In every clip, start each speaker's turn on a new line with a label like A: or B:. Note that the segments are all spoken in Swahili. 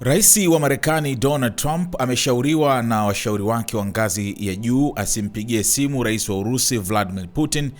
A: Rais wa Marekani Donald Trump ameshauriwa na washauri wake wa ngazi ya juu asimpigie simu Rais wa Urusi Vladimir Putin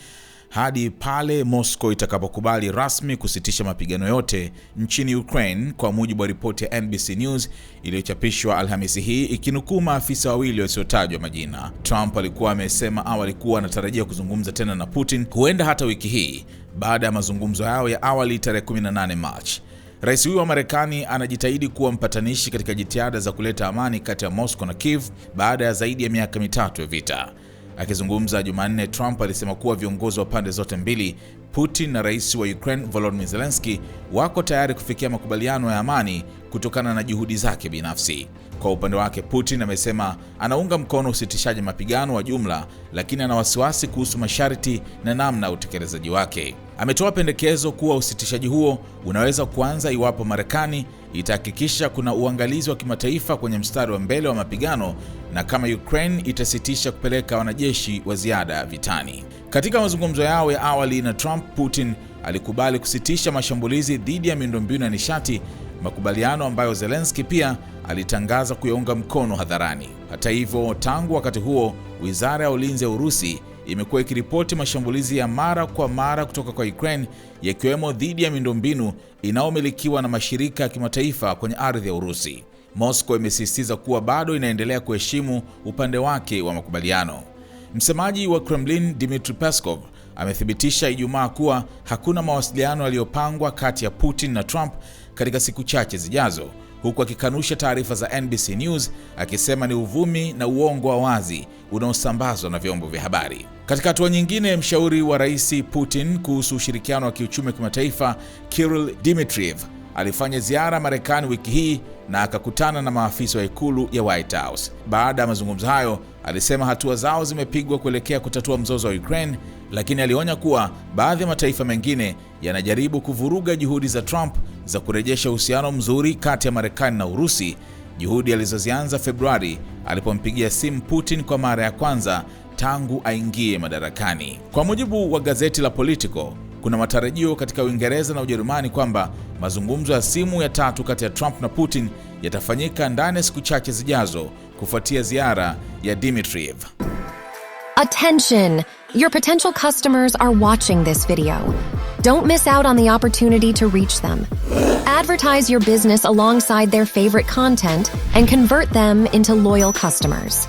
A: hadi pale Moscow itakapokubali rasmi kusitisha mapigano yote nchini Ukraine, kwa mujibu wa ripoti ya NBC News iliyochapishwa Alhamisi hii ikinukuu maafisa wawili wasiotajwa majina. Trump alikuwa amesema awali kuwa anatarajia kuzungumza tena na Putin, huenda hata wiki hii, baada ya mazungumzo yao ya awali tarehe 18 Machi. Rais huyo wa Marekani anajitahidi kuwa mpatanishi katika jitihada za kuleta amani kati ya Moscow na Kiev baada ya zaidi ya miaka mitatu ya vita. Akizungumza Jumanne, Trump alisema kuwa viongozi wa pande zote mbili, Putin na rais wa Ukraine Volodymyr Zelensky, wako tayari kufikia makubaliano ya amani kutokana na juhudi zake binafsi. Kwa upande wake, Putin amesema anaunga mkono usitishaji mapigano wa jumla, lakini ana wasiwasi kuhusu masharti na namna utekelezaji wake. Ametoa pendekezo kuwa usitishaji huo unaweza kuanza iwapo Marekani itahakikisha kuna uangalizi wa kimataifa kwenye mstari wa mbele wa mapigano na kama Ukraine itasitisha kupeleka wanajeshi wa ziada vitani. Katika mazungumzo yao ya awali na Trump, Putin alikubali kusitisha mashambulizi dhidi ya miundombinu ya nishati, makubaliano ambayo Zelensky pia alitangaza kuyaunga mkono hadharani. Hata hivyo, tangu wakati huo, Wizara ya Ulinzi ya Urusi imekuwa ikiripoti mashambulizi ya mara kwa mara kutoka kwa Ukraine yakiwemo dhidi ya miundombinu inayomilikiwa na mashirika ya kimataifa kwenye ardhi ya Urusi. Moscow imesisitiza kuwa bado inaendelea kuheshimu upande wake wa makubaliano. Msemaji wa Kremlin Dmitry Peskov amethibitisha Ijumaa kuwa hakuna mawasiliano yaliyopangwa kati ya Putin na Trump katika siku chache zijazo, huku akikanusha taarifa za NBC News akisema ni uvumi na uongo wa wazi unaosambazwa na vyombo vya habari. Katika hatua nyingine, mshauri wa Rais Putin kuhusu ushirikiano wa kiuchumi wa kimataifa Kirill Dmitriev alifanya ziara Marekani wiki hii na akakutana na maafisa wa ikulu ya White House. Baada ya mazungumzo hayo, alisema hatua zao zimepigwa kuelekea kutatua mzozo wa Ukraine, lakini alionya kuwa baadhi ya mataifa mengine yanajaribu kuvuruga juhudi za Trump za kurejesha uhusiano mzuri kati ya Marekani na Urusi, juhudi alizozianza Februari alipompigia simu Putin kwa mara ya kwanza tangu aingie madarakani. Kwa mujibu wa gazeti la Politico, kuna matarajio katika Uingereza na Ujerumani kwamba mazungumzo ya simu ya tatu kati ya Trump na Putin yatafanyika ndani ya siku chache zijazo kufuatia ziara ya Dmitriev.
B: Attention, your potential customers are watching this video. Don't miss out on the opportunity to reach them. Advertise your business alongside their favorite content and convert them into loyal customers.